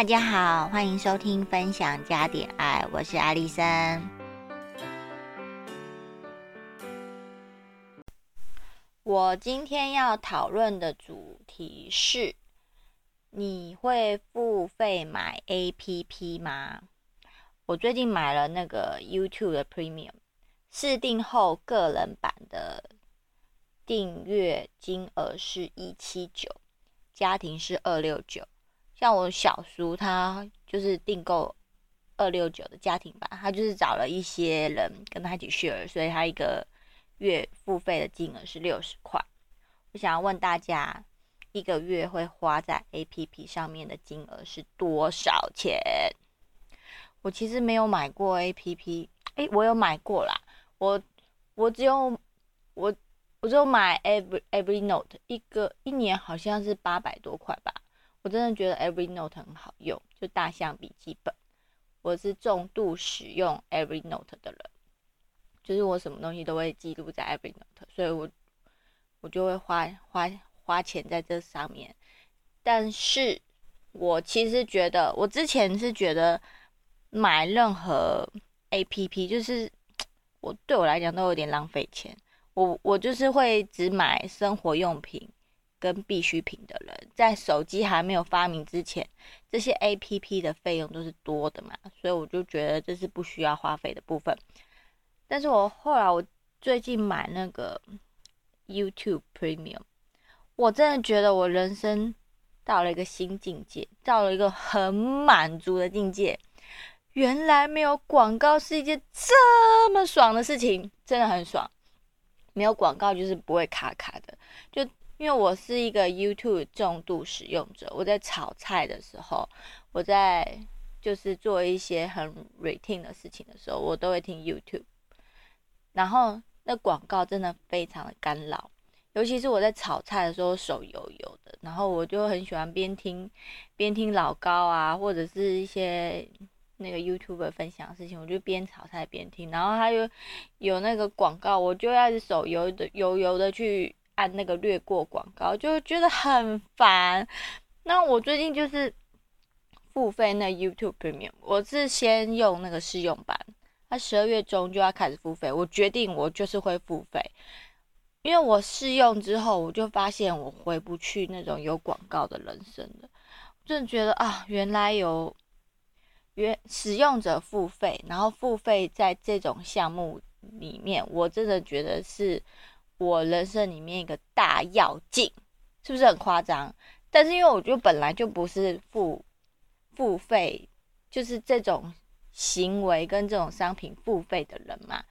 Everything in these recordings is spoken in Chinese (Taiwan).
大家好，歡迎收聽《分享加點愛》，我是阿麗森。我今天要討論的主題是：你會付費買 APP 嗎？我最近買了那個 YouTube 的 Premium，試訂後個人版的訂閱金額是一七九，家庭是二六九。像我小叔，他就是訂購二六九的家庭版，他就是找了一些人跟他一起 share，所以他一個月付費的金額是六十塊。我想要問大家，一個月會花在 APP 上面的金額是多少錢？我其實沒有買過 APP，哎，我有買過啦，我我只有我我只有買 Every Every Note 一個，一年好像是八百多塊吧。我真的覺得 Evernote 很好用，就大象筆記本。我是重度使用 Evernote 的人，就是我什麼東西都會記錄在 Evernote，所以我我就會花花花錢在這上面。但是我其實覺得，我之前是覺得買任何 APP，就是我對我來講都有點浪費錢。我我就是會只買生活用品。跟必需品的人，在手機還沒有發明之前，這些 APP 的費用都是多的嘛，所以我就覺得這是不需要花費的部分。但是我後來，我最近買那個 YouTube Premium，我真的覺得我人生到了一個新境界，到了一個很滿足的境界。原來沒有廣告是一件這麼爽的事情，真的很爽。沒有廣告就是不會卡卡的，就。因為我是一個 YouTube 重度使用者，我在炒菜的時候，我在就是做一些很 routine 的事情的時候，我都會聽 YouTube，然後那廣告真的非常的干擾，尤其是我在炒菜的時候手油油的，然後我就很喜歡邊聽邊聽老高啊，或者是一些那個 YouTuber 分享的事情，我就邊炒菜邊聽，然後他就有那個廣告，我就要手油的油油的去。看那個略過廣告，就覺得很煩。那我最近就是付費那 YouTube Premium，我是先用那個試用版，那十二月中就要開始付費。我決定我就是會付費，因為我試用之後，我就發現我回不去那種有廣告的人生了。我真的覺得啊，原來有原使用者付費，然後付費在這種項目裡面，我真的覺得是。我人生裡面一個大躍進，是不是很誇張？但是因為我就本來就不是付付費，就是這種行為跟這種商品付費的人嘛，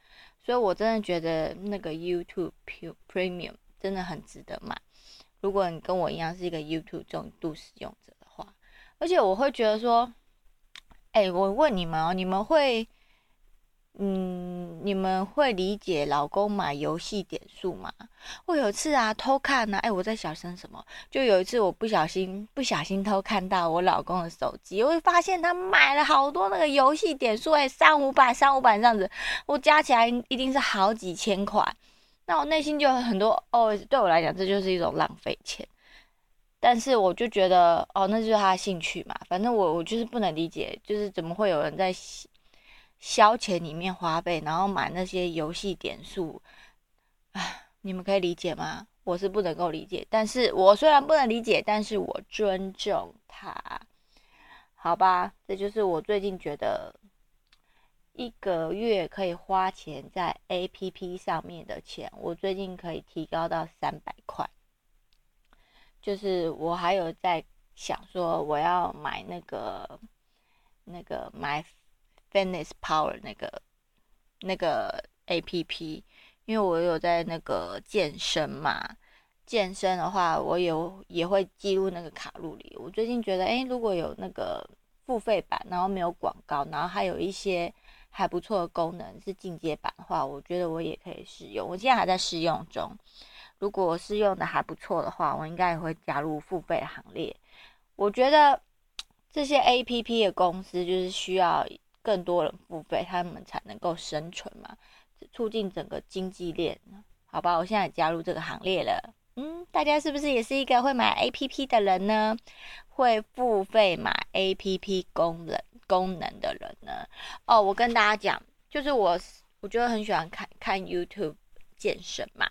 所以我真的覺得那個 YouTube Premium 真的很值得買。如果你跟我一樣是一個 YouTube 重度使用者的話，而且我會覺得說，誒、欸，我問你們哦、喔，你們會？嗯，你們會理解老公買遊戲點數嗎？我有一次啊，偷看啊，哎、欸，我在小聲什麼？就有一次，我不小心不小心偷看到我老公的手機，我會發現他買了好多那個遊戲點數、欸，哎，三五百、三五百這樣子，我加起來一定是好幾千塊。那我內心就有很多哦，對我來講，這就是一種浪費錢。但是我就覺得哦，那就是他的興趣嘛，反正我我就是不能理解，就是怎麼會有人在。消錢裡面花費，然後買那些遊戲點數，哎，你們可以理解嗎？我是不能夠理解，但是我雖然不能理解，但是我尊重他，好吧？這就是我最近覺得一個月可以花錢在 APP 上面的錢，我最近可以提高到三百塊。就是我還有在想說，我要買那個那個買。Fitness Power 那個那個 A P P，因為我有在那個健身嘛，健身的話我，我有也會記錄那個卡路里。我最近覺得，誒、欸，如果有那個付費版，然後沒有廣告，然後還有一些還不錯的功能，是進階版的話，我覺得我也可以試用。我現在還在試用中，如果試用的還不錯的話，我應該也會加入付費行列。我覺得這些 A P P 的公司就是需要更多人付費，他們才能夠生存嘛，促進整個經濟鏈，好吧？我現在也加入這個行列了，嗯，大家是不是也是一個會買 APP 的人呢？會付費買 APP 功能功能的人呢？哦，我跟大家講，就是我，我覺得很喜歡看看 YouTube 健身嘛，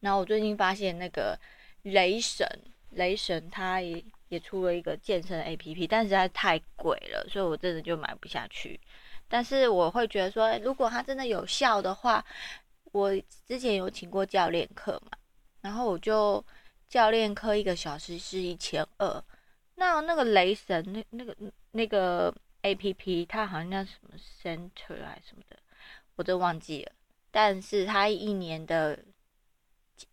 然後我最近發現那個雷神，雷神他也。也出了一個健身 APP，但是它太貴了，所以我真的就買不下去。但是我會覺得說，如果它真的有效的話，我之前有請過教練課嘛，然後我就教練課一個小時是一千二。那那個雷神，那那個那個 APP，它好像叫什麼 Centr 還是什麼的，我都忘記了。但是它一年的，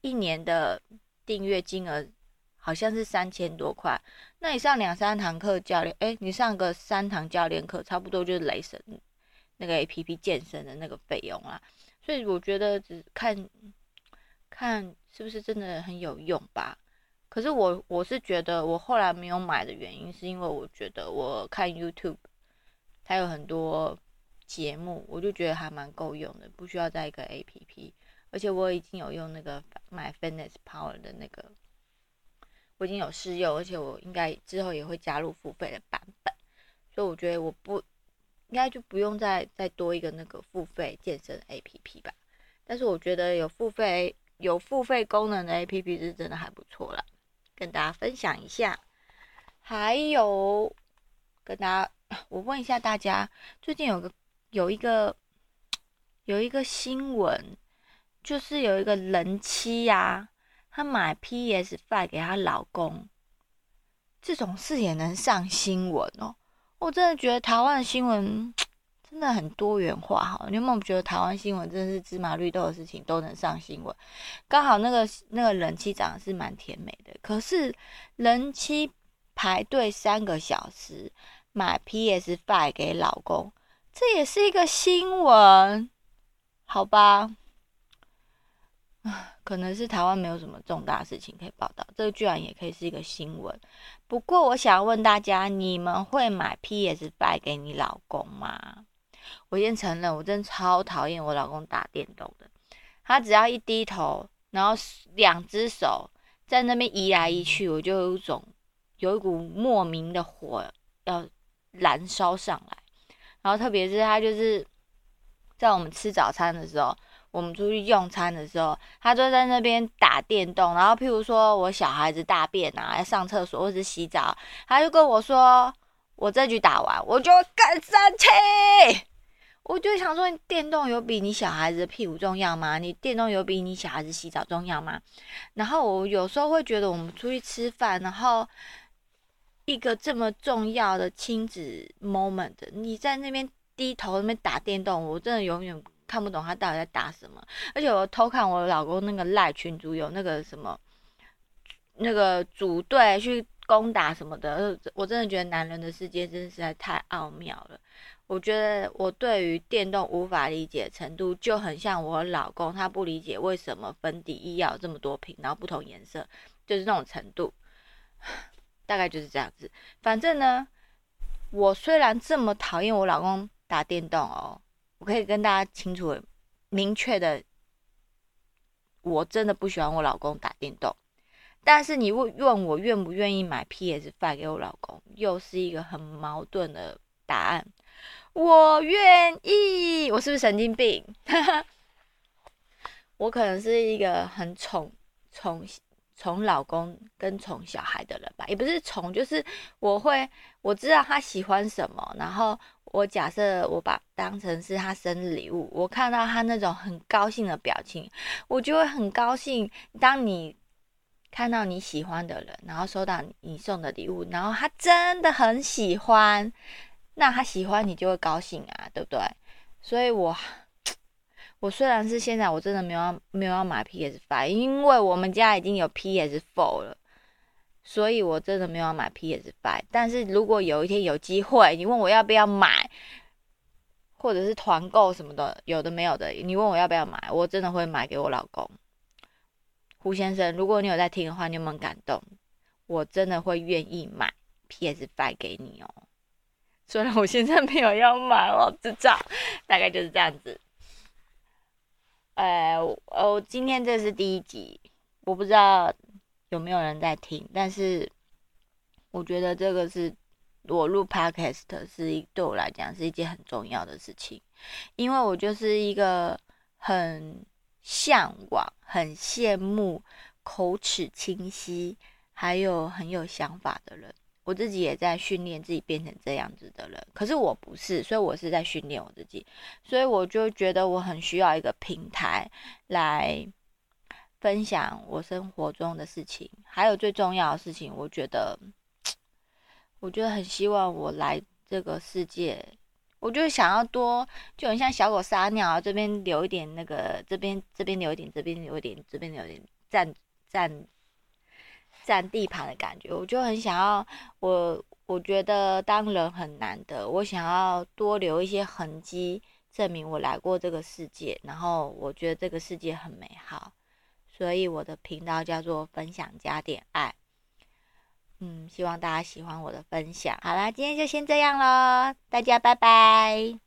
一年的訂閱金額。好像是三千多塊，那你上兩三堂課教練，哎、欸，你上個三堂教練課，差不多就是雷神那個 APP 健身的那個費用啦。所以我覺得只看看是不是真的很有用吧。可是我我是覺得我後來沒有買的原因，是因為我覺得我看 YouTube，它有很多節目，我就覺得還蠻夠用的，不需要再一個 APP。而且我已經有用那個買 Fitness Power 的那個。我已經有試用，而且我應該之後也會加入付費的版本，所以我覺得我不，應該就不用再再多一個那個付費健身 APP 吧。但是我覺得有付費有付費功能的 APP 是真的還不錯了，跟大家分享一下。還有，跟大家，我問一下大家，最近有個有一個有一個新聞，就是有一個人妻呀、啊。她買 PS Five 給她老公，這種事也能上新聞哦！我真的覺得台灣的新聞真的很多元化哈。你有沒有覺得台灣新聞真的是芝麻綠豆的事情都能上新聞？剛好那個那個人妻長得是蠻甜美的，可是人妻排隊三個小時買 PS Five 給老公，這也是一個新聞，好吧？可能是台灣沒有什麼重大事情可以報道，這個居然也可以是一個新聞。不過我想問大家，你們會買 PS5 給你老公嗎？我先承認，我真的超討厭我老公打電動的。他只要一低頭，然後兩只手在那邊移來移去，我就有一種有一股莫名的火要燃燒上來。然後特別是他就是在我們吃早餐的時候。我們出去用餐的時候，他就在那邊打電動。然後，譬如說我小孩子大便啊，要上廁所或是洗澡，他就跟我說：“我這局打完，我就更生氣。”我就想說：“你電動有比你小孩子的屁股重要嗎？你電動有比你小孩子洗澡重要嗎？”然後我有時候會覺得，我們出去吃飯，然後一個這麼重要的親子 moment，你在那邊低頭那邊打電動，我真的永遠。看不懂他到底在打什麼，而且我偷看我老公那個賴群組，有那個什麼，那個組隊去攻打什麼的，我真的覺得男人的世界真的實在太奧妙了。我覺得我對於電動無法理解的程度就很像我老公，他不理解為什麼粉底液要這麼多瓶，然後不同顏色，就是那種程度，大概就是這樣子。反正呢，我雖然這麼討厭我老公打電動哦。我可以跟大家清楚、明確的，我真的不喜歡我老公打電動，但是你問問我願不願意買 PS5 給我老公，又是一個很矛盾的答案。我願意，我是不是神經病？ 我可能是一個很寵寵寵老公跟寵小孩的人吧，也不是寵，就是我會我知道他喜歡什麼，然後。我假設我把當成是他生日禮物，我看到他那種很高興的表情，我就會很高興。當你看到你喜歡的人，然後收到你送的禮物，然後他真的很喜歡，那他喜歡你就會高興啊，對不對？所以我，我我雖然是現在我真的沒有要沒有要買 PS5，因為我們家已經有 PS4 了。所以，我真的沒有買 PS5，但是如果有一天有機會，你問我要不要買，或者是團購什麼的，有的沒有的，你問我要不要買，我真的會買給我老公胡先生。如果你有在聽的話，你有沒有感動？我真的會願意買 PS5 給你哦。雖然我現在沒有要買，我知道。大概就是這樣子。呃，我、哦、今天這是第一集，我不知道。有沒有人在聽？但是我覺得這個是我錄 podcast 是一對我來講是一件很重要的事情，因為我就是一個很嚮往、很羨慕口齒清晰，還有很有想法的人。我自己也在訓練自己變成這樣子的人，可是我不是，所以我是在訓練我自己，所以我就覺得我很需要一個平台來。分享我生活中的事情，還有最重要的事情，我覺得，我覺得很希望我來這個世界，我就想要多，就很像小狗撒尿，這邊留一點那個，這邊這邊留一點，這邊留一點，這邊留一點，占占占地盤的感覺，我就很想要，我我覺得當人很難得，我想要多留一些痕跡，證明我來過這個世界，然後我覺得這個世界很美好。所以我的頻道叫做“分享加點愛”，嗯，希望大家喜歡我的分享。好啦，今天就先這樣咯，大家拜拜。